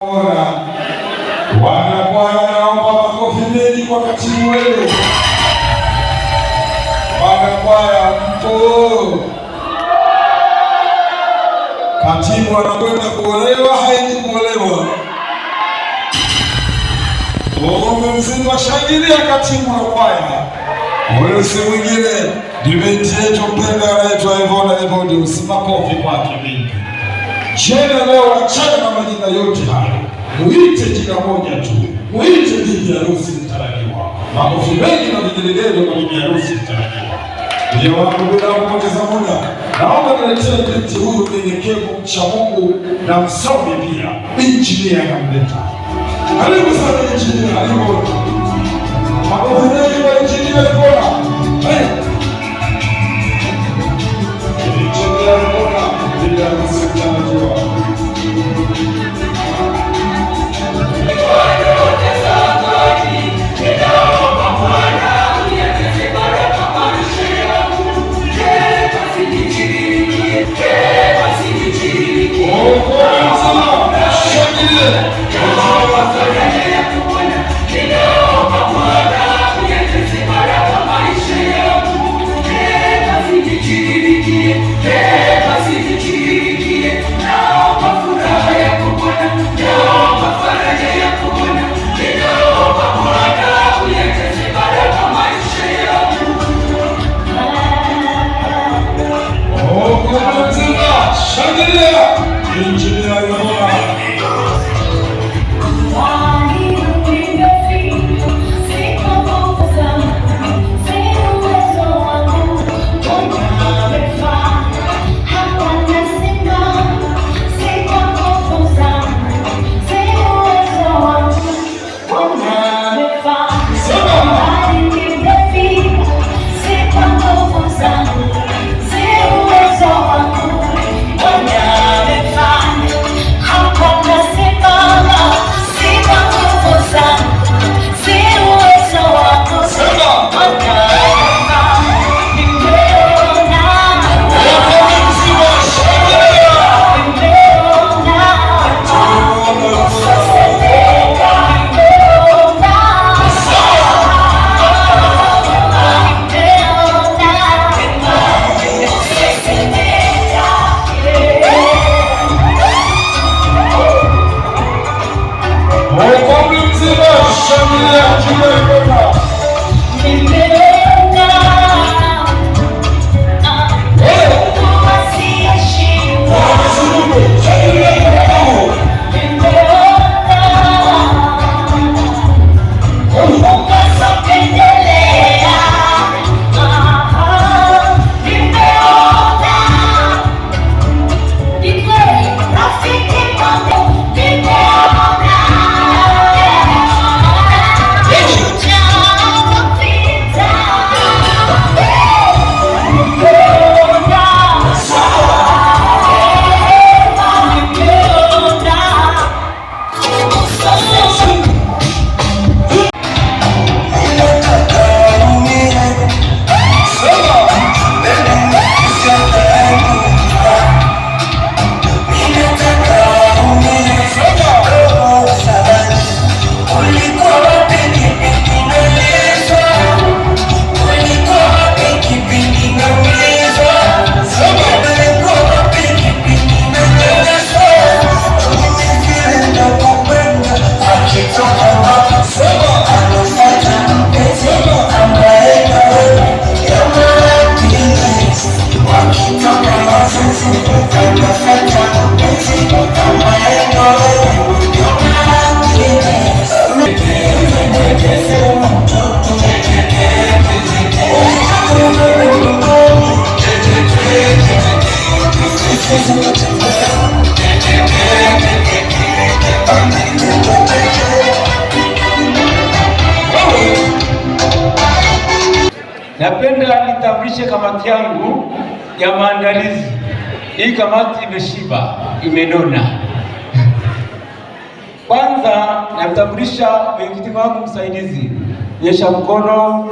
Bwana, naomba makofi mengi kwa katibu wenu Bwana kwaya mkuu. Katibu anakwenda kuolewa, haendi kuolewa. Ukumbi mzima shangilia katibu na kwaya. Ule si mwingine, dibeti yetu mpenda anaitwa Evona Evodius, makofi kwake mingi jina leo, achana na majina yote hayo, muite jina moja tu, muite bibi harusi mtarajiwa. Makofi mengi na vigelegele kwa bibi harusi mtarajiwa. Ndio wangu, bila kupoteza muda, naomba niletee binti huyu mnyenyekevu, mcha Mungu na msomi pia, injinia akamleta. Karibu sana injinia, karibu makofi mengi kwa injinia bora. Obrigado, uma cidade, ó. Napenda nitambulishe kamati yangu ya maandalizi. Hii kamati imeshiba, imenona. Kwanza namtambulisha mwenyekiti wangu msaidizi, nyesha mkono.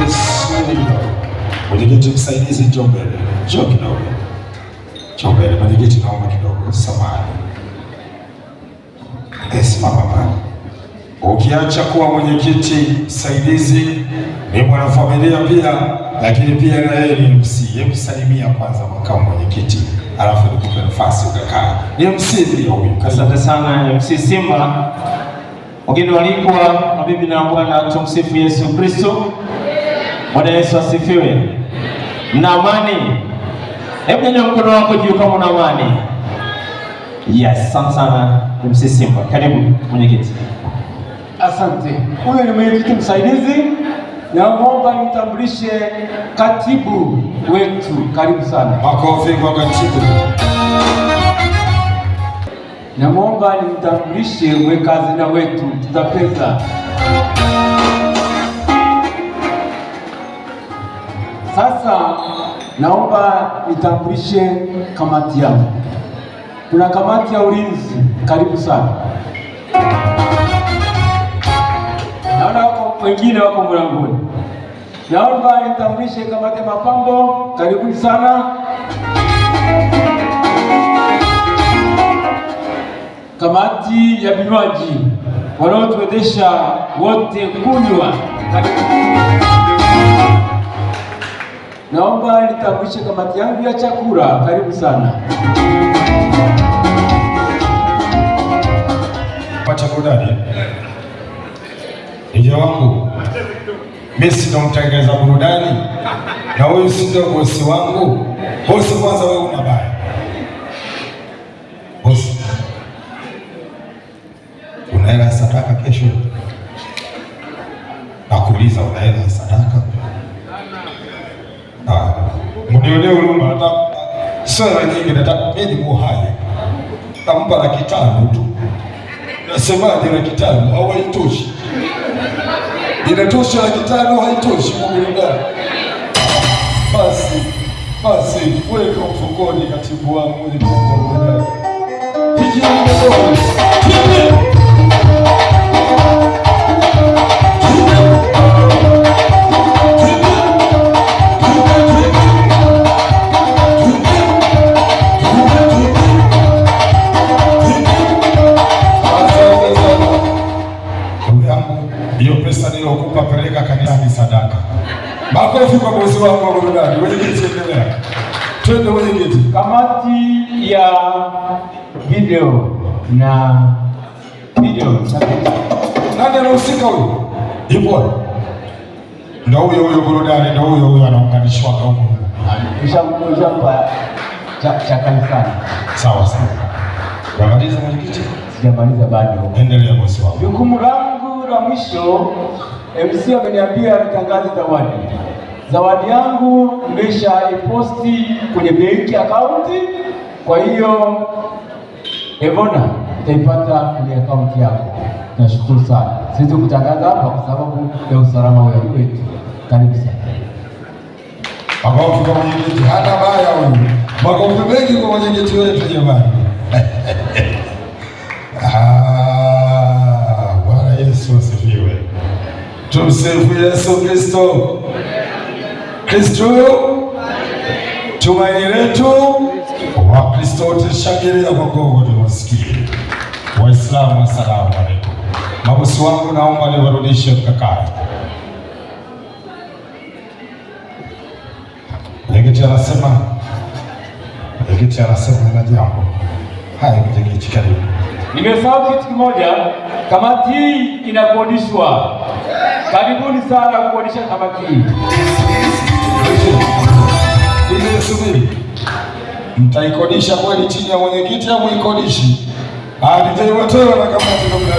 Yes. Mwenyekiti msaidizi, njoo mbele, njoo kidogo, njoo mbele. Mwenyekiti naomba kidogo, samani. samahani. Simama pale. Ukiacha kuwa mwenyekiti msaidizi, ni mwanafamilia pia, lakini pia na yeye ni MC. Hebu salimia kwanza makamu mwenyekiti, alafu nikupe nafasi ukakaa. Ni MC ndio huyu. Asante sana MC Simba, wageni walikwa, mabibi na bwana, tumsifu Yesu Kristo. Bwana Yesu asifiwe. Mna amani? Hebu nyanyua mkono wako juu kama una amani. Yes, sana sana MC Simba. Karibu mwenyekiti. Asante. Huyo ni mwenyekiti msaidizi. Naomba nimtambulishe katibu wetu. Karibu sana. Makofi kwa katibu. Naomba nimtambulishe mweka wetu tutapeza Sasa naomba nitambulishe kamati yangu. Kuna kamati ya ulinzi, karibu sana. Naona wako wengine wako mlangoni. Naomba nitambulishe kamati ya mapambo, karibuni sana. Kamati ya vinywaji, wanaotuwezesha wote kunywa, karibu Naomba nitambulishe kamati yangu ya chakula. Karibu sana kwa chakula. Ija wangu mimi sio mtengeza burudani, na huyu sio bosi wangu. Bosi kwanza, wewe una baya bosi, unaela sadaka kesho sera nyingi, mimi ni muhai, nampa laki tano tu. Nasemaje? laki tano au haitoshi? Inatosha laki tano, haitoshi mgulugani? Basi basi, weka mfukoni, katibu wangu video na video. Nani anahusika huyu? Yupo ndio huyo huyo, burudani ndio huyo huyo, anaunganishwa kwa huko Kisha ishampa cha cha kanisani. Sawa sawa, unamaliza mwenyekiti? Sijamaliza bado, endelea bosi wangu. Jukumu langu la mwisho, MC ameniambia nitangaze zawadi. Zawadi yangu iposti kwenye benki akaunti kwa hiyo Evona utaipata kwenye akaunti yako. Nashukuru sana, siwezi kutangaza hapa kwa sababu ya usalama wetu. Karibu sana. Makofi kwa mwenyekiti, hata baya huyu. Makofi mengi kwa mwenyekiti wetu jamani. Ah, Bwana Yesu asifiwe. Tumsifu Yesu Kristo. Kristo tumaini letu alaikum. Wakristo wote shangilia kwa gogo tuwasikie. Waislamu asalamu alaikum. Mabosi wangu naomba niwarudishe mkakae. Mwenyekiti anasema mwenyekiti anasema na jambo. Haya mwenyekiti karibu. Nimesahau kitu kimoja, kamati hii inakodishwa. Karibuni sana kukodisha kamati hii mtaikodisha kweli chini ya mwenyekiti au muikodishi? Nitaiwetewa na kamati namna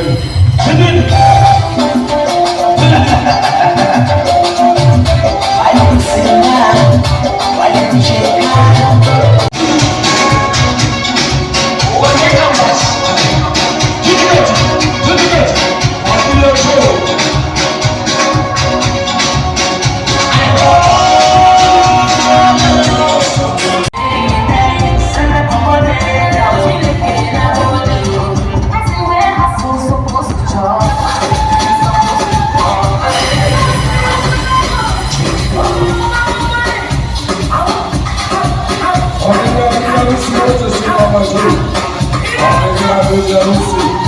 Rusya, Rusya, Rusya, Rusya, Rusya, Rusya,